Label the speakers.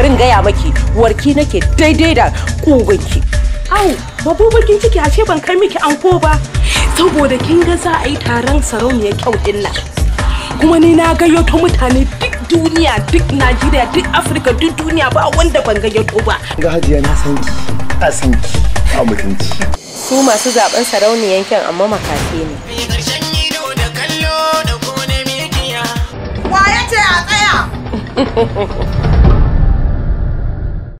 Speaker 1: barin gaya maki warki nake daidai da kugunki au babu bakin ciki ashe ban kai miki anko ba saboda kin ga za a yi taron sarauniyar kyau din nan kuma ni na gayyato mutane duk duniya duk najeriya duk afirka duk duniya ba wanda ban gayyato ba
Speaker 2: ga hajiya na san ki a san ki a mutunci
Speaker 1: su masu zaben sarauniyan kyan amma makafi ne
Speaker 3: Ha ha a tsaya